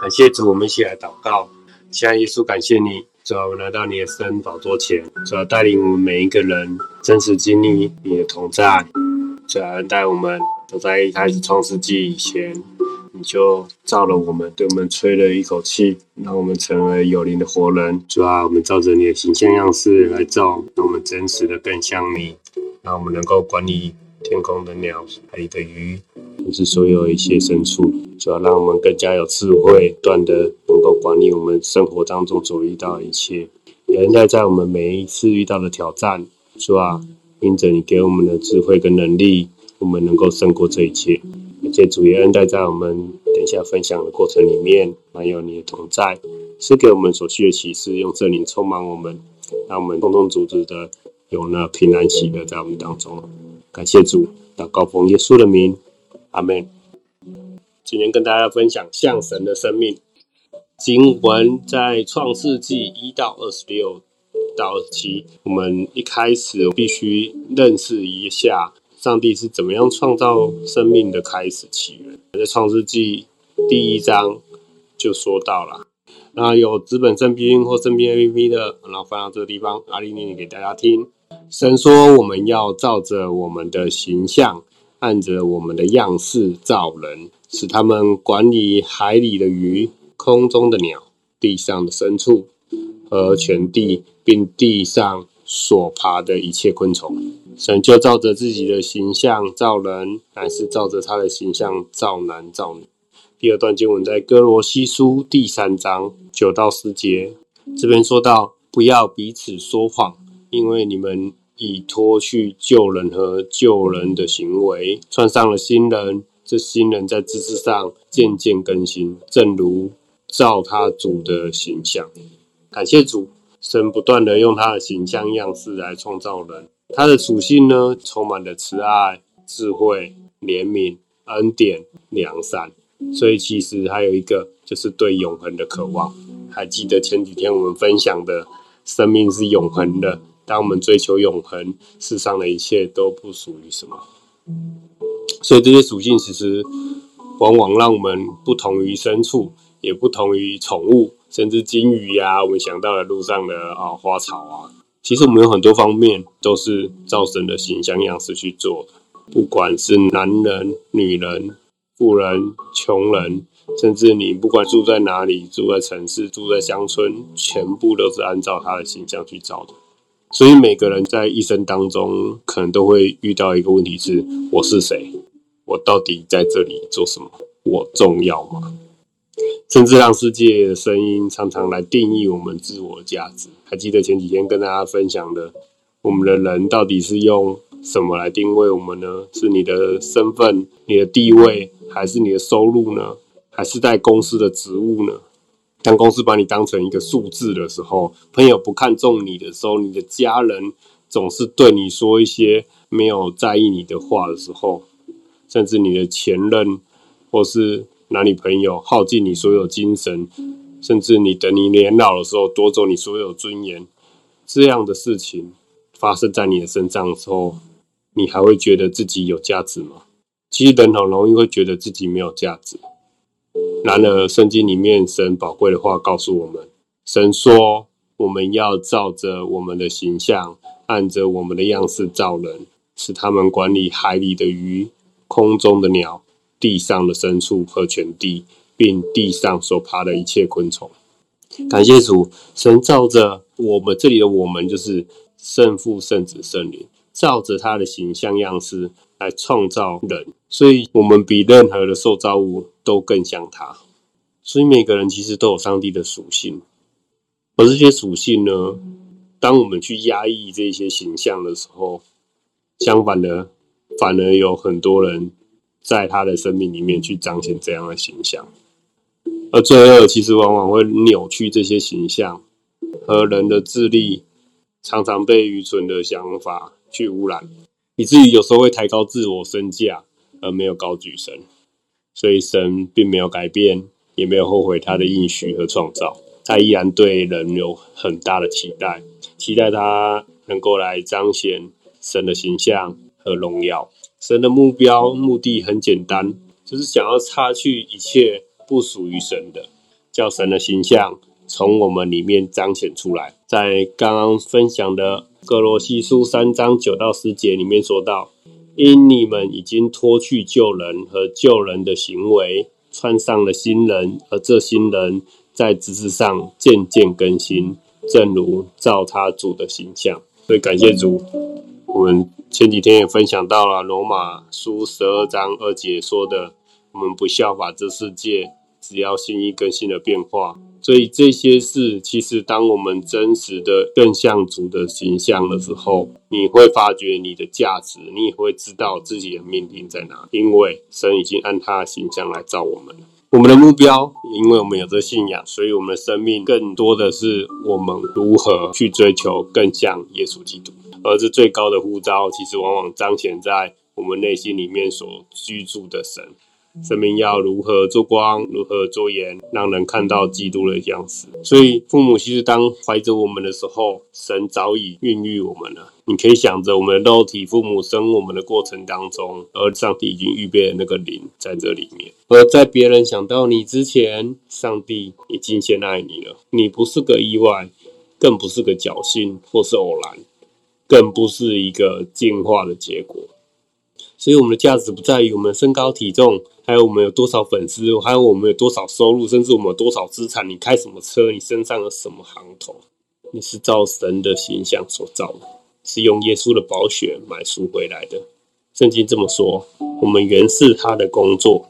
感謝主，我們一起來禱告。親愛的耶穌，感謝你，主啊，我們來到你的聖寶座前，主啊，帶領我們每一個人真實經歷你的同在，主啊，帶我們都在一開始創世紀以前，你就造了我們，對我們吹了一口氣，讓我們成為有靈的活人。主啊，我們照着你的形象樣式來造，讓我們真實的更像你，讓我們能夠管理。天空的鳥，海的魚，甚至所有一些牲畜，主要讓我們更加有智慧，不斷的能夠管理我們生活當中所遇到的一切。也恩待在我們每一次遇到的挑戰，是吧？因着你給我們的智慧跟能力，我們能夠勝過這一切。而且主也恩待在我們等一下分享的過程裡面，還有你的同在，賜給我們所需的啟示，用聖靈充滿我們，讓我們共同組織的有了平安喜樂在我們當中。感謝主，禱告奉耶穌的名，阿門。今天跟大家分享像神的生命經文，在創世紀一到二十六到二十七，我們一開始必須認識一下上帝是怎麼樣創造生命的開始起源。在創世紀第一章就說到了。那有資本聖經或聖經 A P P 的，然後放到這個地方，阿利念念給大家聽。神說：“我們要照着我們的形象，按着我們的樣式造人，使他們管理海裡的魚、空中的鳥、地上的牲畜和全地，並地上所爬的一切昆蟲。”神就照着自己的形象造人，乃是照着他的形象造男造女。第二段經文在歌羅西書第三章九到十節，這邊說到：“不要彼此說謊，因為你們。”以脫去舊人和舊人的行為，穿上了新人。這新人在知識上漸漸更新，正如照他主的形象。感謝主，神不斷地用他的形象樣式來創造人。他的屬性呢，充滿了慈愛、智慧、憐憫、恩典、良善。所以其實還有一個，就是對永恆的渴望。還記得前幾天我們分享的，生命是永恆的。當我們追求永恆，世上的一切都不屬於什麼，所以這些屬性其實往往讓我們不同於牲畜，也不同於寵物，甚至金魚啊，我們想到的路上的啊花草啊，其實我們有很多方面都是照神的形象樣式去做，不管是男人、女人、富人、窮人，甚至你不管住在哪裡，住在城市、住在鄉村，全部都是按照他的形象去造的。所以每個人在一生當中，可能都會遇到一個問題是：是我是誰？我到底在這裡做什麼？我重要嗎？甚至讓世界的聲音常常來定義我們自我價值。還記得前幾天跟大家分享的，我們的人到底是用什麼來定位我們呢？是你的身份、你的地位，還是你的收入呢？還是在公司的職務呢？當公司把你當成一個數字的時候，朋友不看重你的時候，你的家人總是對你說一些沒有在意你的話的時候，甚至你的前任或是男女朋友耗盡你所有精神，甚至你等你年老的時候奪走你所有尊嚴，這樣的事情發生在你的身上的時候，你還會覺得自己有價值嗎？其實人很容易會覺得自己沒有價值。然而，聖經裡面神寶貴的話告訴我們：神說，我們要照着我們的形象，按着我們的樣式造人，使他們管理海裡的魚、空中的鳥、地上的牲畜和全地，並地上所爬的一切昆蟲。嗯、感謝主，神照着我們這裡的我們，就是聖父、聖子、聖靈，照着他的形象樣式。來創造人，所以我們比任何的受造物都更像他。所以每個人其實都有上帝的屬性，而這些屬性呢，當我們去壓抑這些形象的時候，相反的，反而有很多人在他的生命裡面去彰顯這樣的形象。而罪惡其實往往會扭曲這些形象，和人的智力常常被愚蠢的想法去污染。以至於有時候會抬高自我身價，而沒有高舉神。所以神並沒有改變，也沒有後悔他的應許和創造。他依然對人有很大的期待，期待他能夠來彰顯神的形象和榮耀。神的目標、目的很簡單，就是想要擦去一切不屬於神的，叫神的形象從我們裡面彰顯出來。在剛剛分享的。格羅西書三章九到十節裡面說到，因你們已經脫去舊人和舊人的行為，穿上了新人，而這新人在知識上漸漸更新，正如造他主的形象。所以感謝主。我們前幾天也分享到了羅馬書十二章二節說的，我們不效法這世界，只要心意更新的變化。所以這些事，其實當我們真實的更像主的形象的時候，你會發覺你的價值，你也會知道自己的命定在哪。因為神已經按他的形象來造我們了，我們的目標，因為我們有這信仰，所以我們的生命更多的是我們如何去追求更像耶穌基督。而這最高的呼召，其實往往彰顯在我們內心裡面所居住的神。生命要如何做光，如何做鹽，讓人看到基督的樣子。所以，父母其實當懷着我們的時候，神早已孕育我們了。你可以想着我們的肉體，父母生我們的過程當中，而上帝已經預備了那個靈在這裡面。而在別人想到你之前，上帝已經先愛你了。你不是個意外，更不是個僥倖或是偶然，更不是一個進化的結果。所以，我們的價值不在於我們身高體重。還有我們有多少粉絲？還有我們有多少收入？甚至我們有多少資產？你開什麼車？你身上有什麼行頭？你是照神的形象所造的，是用耶穌的寶血買贖回來的。聖經這麼說：我們原是他的工作，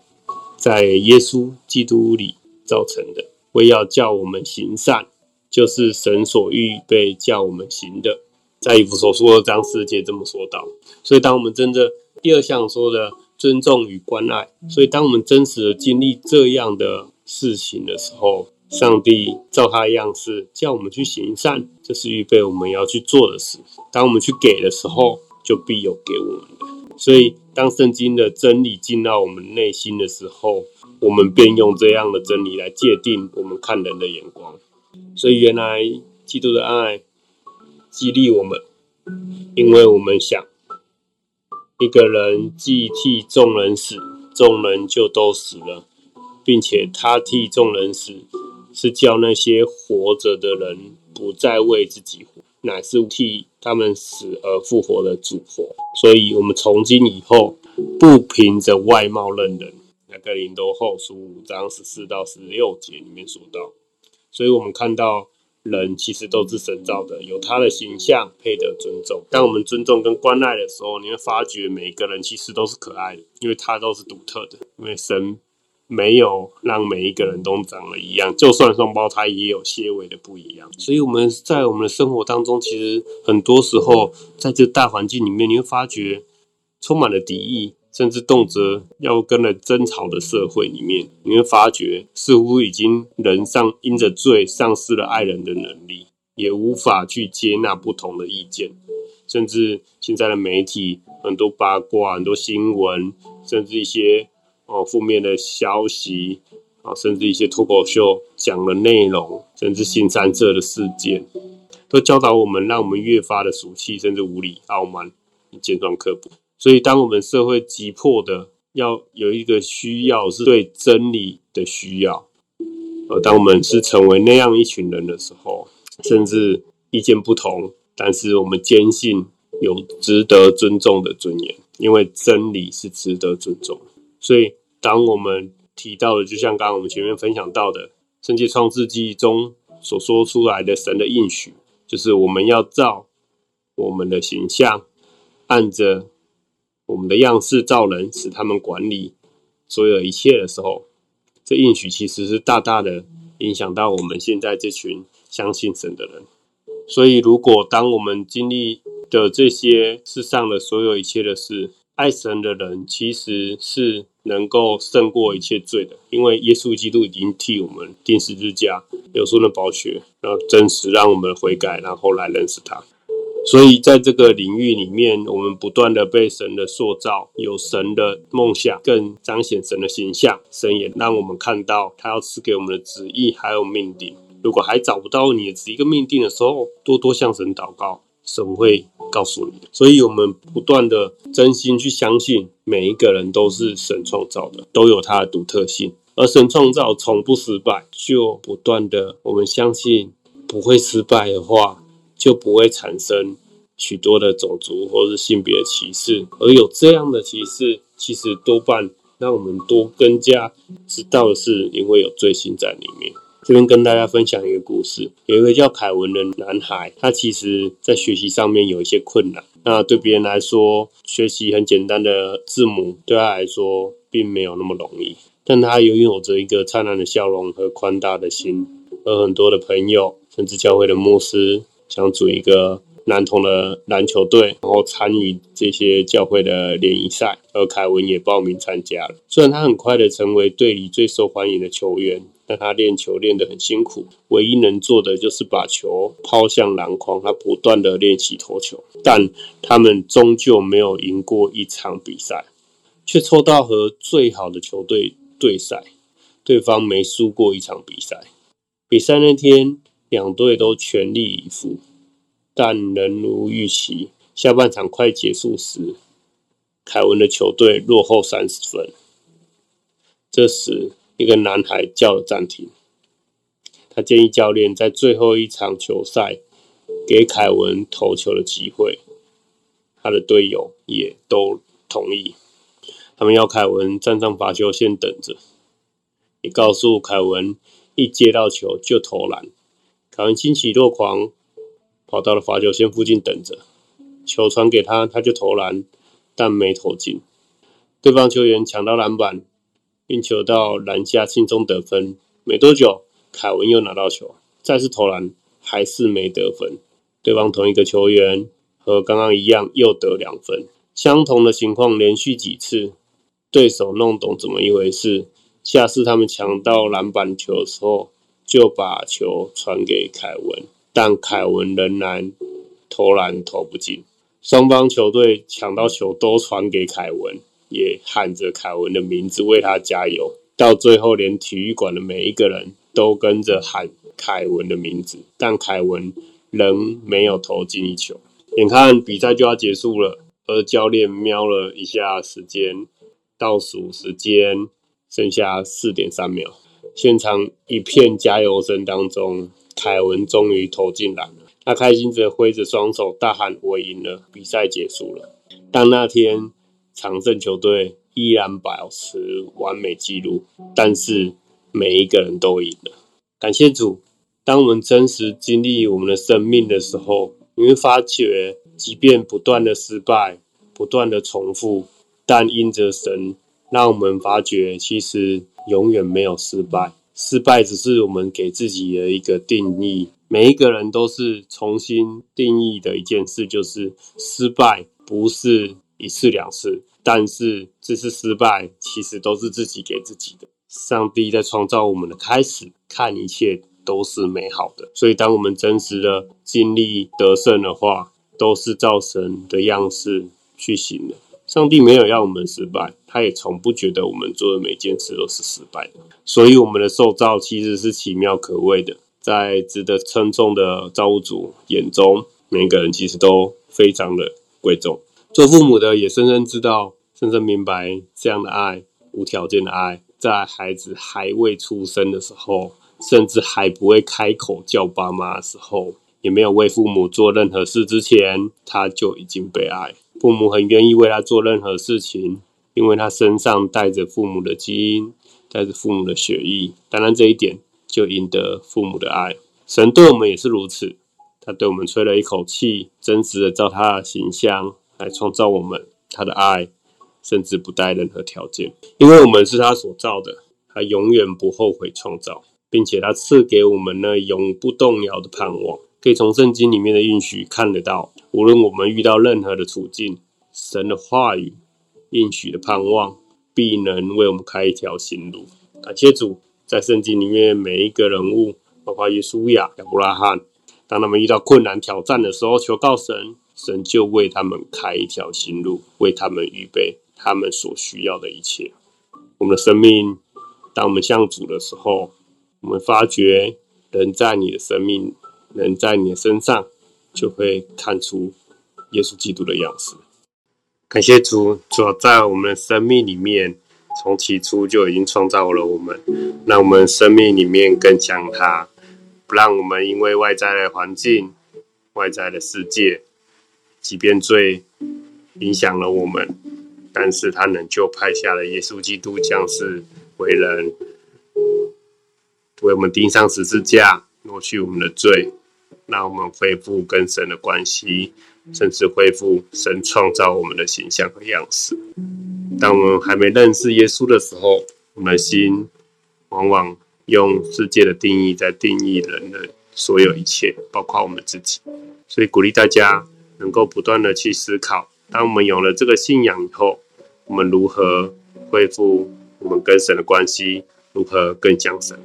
在耶穌基督裡造成的。為要叫我們行善，就是神所預備叫我們行的。在《以弗所書》二章十節這麼說道，所以，當我們真的第二項說的。尊重與關愛，所以當我們真實的經歷這樣的事情的時候，上帝照他樣式叫我們去行善，這是預備我們要去做的事。當我們去給的時候，就必有給我們的。所以，當聖經的真理進到我們內心的時候，我們便用這樣的真理來界定我們看人的眼光。所以，原來基督的愛激勵我們，因為我們想。一個人既替眾人死，眾人就都死了，並且他替眾人死，是叫那些活着的人不再為自己活，乃是替他們死而復活的主活。所以，我們從今以後不憑着外貌認人。那個林多後書五章十四到十六節裡面說到。所以我們看到。人其實都是神造的，有他的形象配得尊重。當我們尊重跟關愛的時候，你會發覺每一個人其實都是可愛的，因為他都是獨特的。因為神沒有讓每一個人都長得一樣，就算雙胞胎也有些微的不一樣。所以我們在我們的生活當中，其實很多時候在這大環境裡面，你會發覺充滿了敵意，甚至動輒要跟人爭吵的社會裡面，你會發覺似乎已經人上因着罪喪失了愛人的能力，也無法去接納不同的意見。甚至現在的媒體很多八卦、很多新聞，甚至一些哦負面的消息啊，甚至一些脫口秀講的內容，甚至腥羶色的事件，都教導我們，讓我們越發的俗氣，甚至無理、傲慢、尖酸刻薄。所以，當我們社會急迫的要有一個需要是對真理的需要，而當我們是成為那樣一群人的時候，甚至意見不同，但是我們堅信有值得尊重的尊嚴，因為真理是值得尊重。所以，當我們提到的，就像剛剛我們前面分享到的，聖經創世紀中所說出來的神的應許，就是我們要照我們的形象，按着，我們的樣式造人，使他們管理所有一切的時候，這應許其實是大大的影響到我們現在這群相信神的人。所以，如果當我們經歷的這些世上的所有一切的事，愛神的人其實是能夠勝過一切罪的，因為耶穌基督已經替我們釘十字架，有聖靈保全，然後真實讓我們悔改，然後來認識他。所以，在這個領域裡面，我們不斷的被神的塑造，有神的夢想，更彰顯神的形象。神也讓我們看到他要賜給我們的旨意還有命定。如果還找不到你的旨意跟命定的時候，多多向神禱告，神會告訴你。所以，我們不斷的真心去相信，每一個人都是神創造的，都有他的獨特性，而神創造從不失敗。就不斷的，我們相信不會失敗的話。就不會產生許多的種族或是性別的歧視，而有這樣的歧視，其實多半讓我們多更加知道的是，因為有罪性在裡面。這邊跟大家分享一個故事，有一個叫凱文的男孩，他其實在學習上面有一些困難。那對別人來說，學習很簡單的字母對他來說並沒有那麼容易，但他擁有着一個燦爛的笑容和寬大的心，和很多的朋友，甚至教會的牧師想組一個男童的籃球隊，然後參與這些教會的聯誼賽。而凱文也報名參加了。雖然他很快的成為隊裡最受歡迎的球員，但他練球練得很辛苦，唯一能做的就是把球拋向籃筐。他不斷的練習投球，但他們終究沒有贏過一場比賽，卻抽到和最好的球隊對賽。對方沒輸過一場比賽。比賽那天，兩隊都全力以赴，但仍如預期。下半場快結束時，凱文的球隊落後三十分。這時，一個男孩叫了暫停。他建議教練在最後一場球賽給凱文投球的機會。他的隊友也都同意。他們要凱文站上罰球線等着。也告訴凱文，一接到球就投籃。小人欣喜若狂，跑到了罰球線附近等着，球傳給他，他就投籃，但沒投進。對方球員搶到籃板，運球到籃下輕鬆得分。沒多久，凱文又拿到球，再次投籃，還是沒得分。對方同一個球員和剛剛一樣又得兩分，相同的情況連續幾次，對手弄懂怎麼一回事。下次他們搶到籃板球的時候。就把球傳給凱文，但凱文仍然投籃投不進。雙方球隊搶到球都傳給凱文，也喊着凱文的名字為他加油。到最後，連體育館的每一個人都跟着喊凱文的名字，但凱文仍沒有投進一球。眼看比賽就要結束了，而教練瞄了一下時間，倒數時間剩下四點三秒。現場一片加油聲當中，凱文終於投進來了，他開心着揮着雙手，大喊：“我贏了！比賽結束了。”但那天，長勝球隊依然保持完美記錄，但是每一個人都贏了。感謝主，當我們真實經歷我們的生命的時候，你會發覺，即便不斷的失敗，不斷的重複，但因着神，讓我們發覺其實。永遠沒有失敗，失敗只是我們給自己的一個定義。每一個人都是重新定義的一件事，就是失敗不是一次兩次，但是這次失敗其實都是自己給自己的。上帝在創造我們的開始，看一切都是美好的，所以當我們真實的經歷得勝的話，都是照神的樣式去行的。上帝沒有要我們失敗，他也從不覺得我們做的每件事都是失敗的。所以我們的受造其實是奇妙可畏的，在值得稱頌的造物主眼中，每個人其實都非常的貴重。做父母的也深深知道、深深明白，這樣的愛、無條件的愛，在孩子還未出生的時候，甚至還不會開口叫爸媽的時候，也沒有為父母做任何事之前，他就已經被愛。父母很願意為他做任何事情，因為他身上帶着父母的基因，帶着父母的血液。當然，這一點，就贏得父母的愛。神對我們也是如此，他對我們吹了一口氣，真實的照他的形象來創造我們。他的愛，甚至不帶任何條件，因為我們是他所造的，他永遠不後悔創造，並且他賜給我們那永不動搖的盼望，可以從聖經裡面的應許看得到。無論我們遇到任何的處境，神的話語應許的盼望必能為我們開一條新路。感謝主，在聖經裡面每一個人物，包括耶穌亞、亞伯拉罕，當他們遇到困難、挑戰的時候，求告神，神就為他們開一條新路，為他們預備他們所需要的一切。我們的生命，當我們向主的時候，我們發覺能在你的生命，能在你的身上。就會看出耶穌基督的樣子，感謝主，主要在我們的生命裡面，從起初就已經創造了我們，讓我們生命裡面更像他，不讓我們因為外在的環境、外在的世界，即便罪影響了我們，但是他仍舊派下了耶穌基督降世為人，為我們釘上十字架，抹去我們的罪。讓我們恢復跟神的關係，甚至恢復神創造我們的形象和樣式。當我們還沒認識耶穌的時候，我們的心往往用世界的定義在定義人的所有一切，包括我們自己。所以鼓勵大家能夠不斷地去思考：當我們有了這個信仰以後，我們如何恢復我們跟神的關係？如何更像神？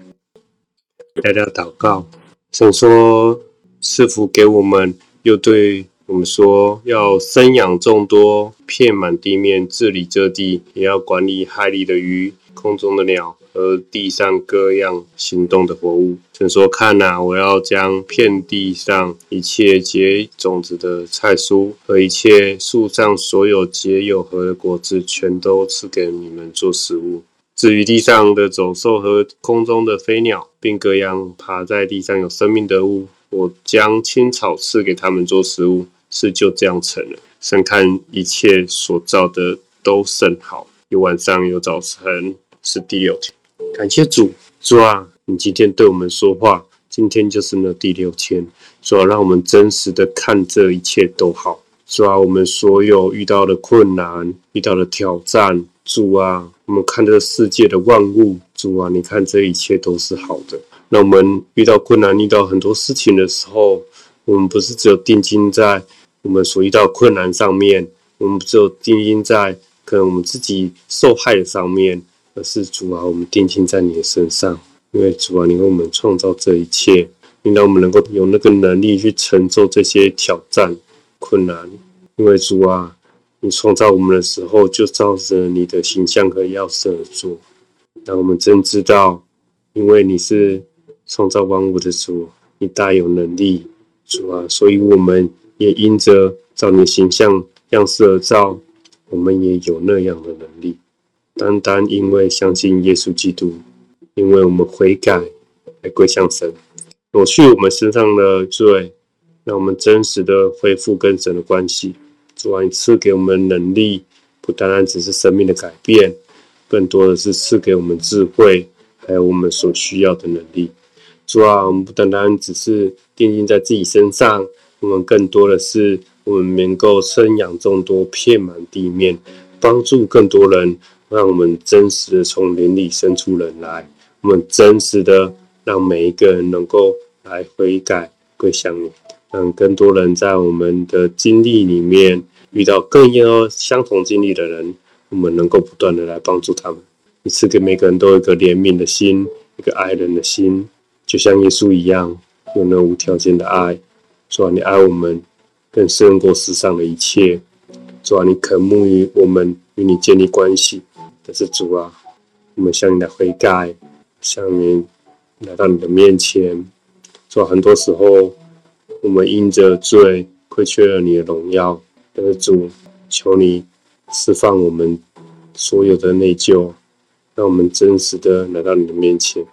大家禱告，想說。賜福給我們，又對我們說：“要生養眾多，遍滿地面，治理這地，也要管理海裡的魚、空中的鳥和地上各樣行動的活物。”神說：“看哪、啊，我要將遍地上一切結種子的菜蔬和一切樹上所有結有核的果子，全都賜給你們做食物。至於地上的走獸和空中的飛鳥，並各樣爬在地上有生命的物。”我將青草賜給他們做食物，是就這樣成了。神看一切所造的都甚好，有晚上有早晨，是第六天。感謝主，主啊，你今天對我們說話，今天就是那第六天。主啊，讓我們真實的看這一切都好。主啊，我們所有遇到的困難、遇到的挑戰，主啊，我們看這個世界的萬物，主啊，你看這一切都是好的。那我們遇到困難、遇到很多事情的時候，我們不是只有定睛在我們所遇到困難上面，我們只有定睛在可能我們自己受害的上面，而是主啊，我們定睛在你的身上，因為主啊，你為我們創造這一切，令到我們能夠有那個能力去承受這些挑戰、困難。因為主啊，你創造我們的時候，就照着你的形象和樣式而做。那我們真知道，因為你是。創造萬物的主，你大有能力，主啊！所以我們也因着照你形象樣式而造，我們也有那樣的能力。單單因為相信耶穌基督，因為我們悔改，來歸向神，抹去我們身上的罪，讓我們真實的恢復跟神的關係。主啊，賜給我們能力，不單單只是生命的改變，更多的是賜給我們智慧，還有我們所需要的能力。主要我們不單單只是定睛在自己身上，我們更多的是我們能夠生養眾多，遍滿地面，幫助更多人，讓我們真實的從靈裡生出人來，我們真實的讓每一個人能夠來悔改歸向，讓更多人在我們的經歷裡面遇到更多相同經歷的人，我們能夠不斷的來幫助他們，也是給每個人都有一個憐憫的心，一個愛人的心。就像耶穌一樣，用了無條件的愛。主啊，你愛我們，更勝過世上的一切。主啊，你渴慕與我們與你建立關係，但是主啊，我們向你來悔改，向你來到你的面前。主啊，很多時候我們因着罪虧缺了你的榮耀。但是主，求你釋放我們所有的內疚，讓我們真實的來到你的面前。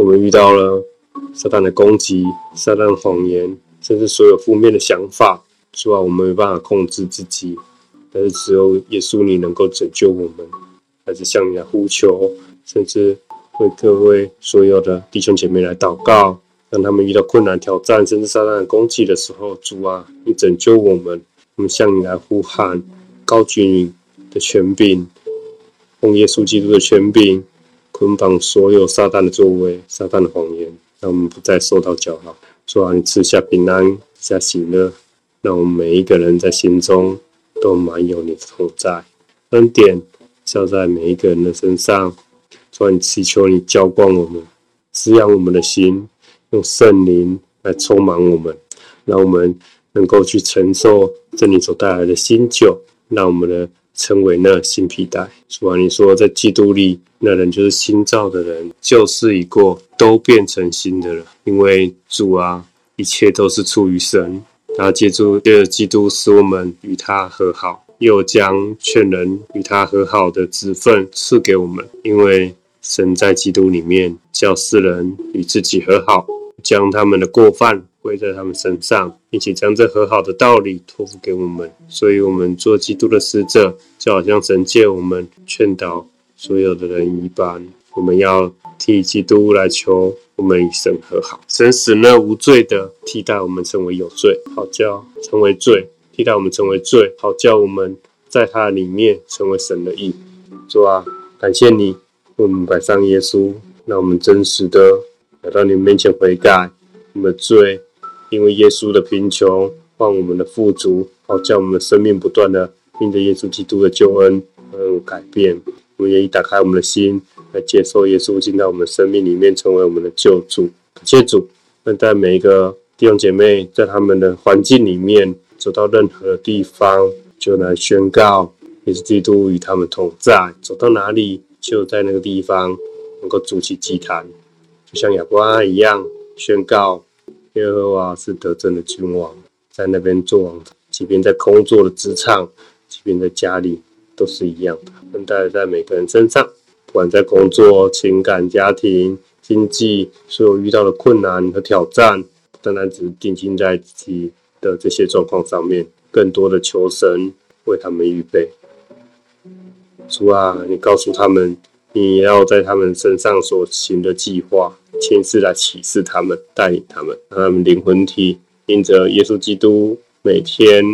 我們遇到了撒旦的攻擊、撒旦的謊言，甚至所有負面的想法。主啊，我們沒辦法控制自己，但是只有耶穌你能夠拯救我們。還是向你來呼求，甚至為各位所有的弟兄姐妹來禱告，當他們遇到困難、挑戰，甚至撒旦的攻擊的時候，主啊，你拯救我們。我們向你來呼喊，高舉你的權柄，用耶穌基督的權柄。捆綁所有撒旦的作為、撒旦的謊言，讓我們不再受到攪擾。說讓你賜下平安，下喜樂，讓我們每一個人在心中都滿有你的存在。恩典照在每一個人的身上。所以你祈求你澆灌我們，滋養我們的心，用聖靈來充滿我們，讓我們能夠去承受這裡所帶來的新酒。讓我們的。稱為那新皮帶。主啊，你說在基督裡，那人就是新造的人，舊事已過，都變成新的了。因為主啊，一切都是出於神。他借助這個基督，使我們與他和好，又將勸人與他和好的職分賜給我們。因為神在基督裡面叫世人與自己和好，將他們的過犯歸在他們身上，並且將這和好的道理托付給我們。所以，我們做基督的使者，就好像神借我們勸導所有的人一般。我們要替基督來求我們與神和好。神使那無罪的替代我們成為有罪，好叫成為罪，替代我們成為罪，好叫我們在他裡面成為神的義。主啊，感謝你為我們擺上耶穌，讓我們真實的。來到你們面前悔改，我們的罪，因為耶穌的貧窮換我們的富足，好叫我們的生命不斷的因著耶穌基督的救恩而、嗯、改變。我們願意打開我們的心來接受耶穌，進到我們的生命裡面，成為我們的救主。謝主，願在每一個弟兄姐妹在他們的環境裡面，走到任何地方就來宣告耶穌基督與他們同在，走到哪裡就在那個地方能夠築起祭壇。就像亞伯拉罕一樣，宣告耶和華是得勝的君王，在那邊做王。即便在工作的職場，即便在家裡，都是一樣的。分帶在每個人身上，不管在工作、情感、家庭、經濟，所有遇到的困難和挑戰，單單只是定睛在自己的這些狀況上面，更多的求神為他們預備。主啊，你告訴他們。你要在他們身上所行的計劃，親自來啟示他們，帶領他們，讓他們靈魂體因着耶穌基督每天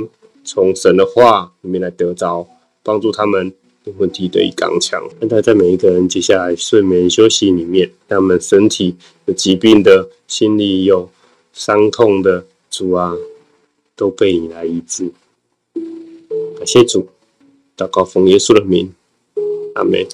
從神的話裡面來得着幫助，他們靈魂體得以剛強，讓他在每一個人接下來睡眠休息裡面，讓他們身體有疾病的，心裡有傷痛的，主啊，都被你來醫治。感謝主，禱告奉耶穌的名，阿門。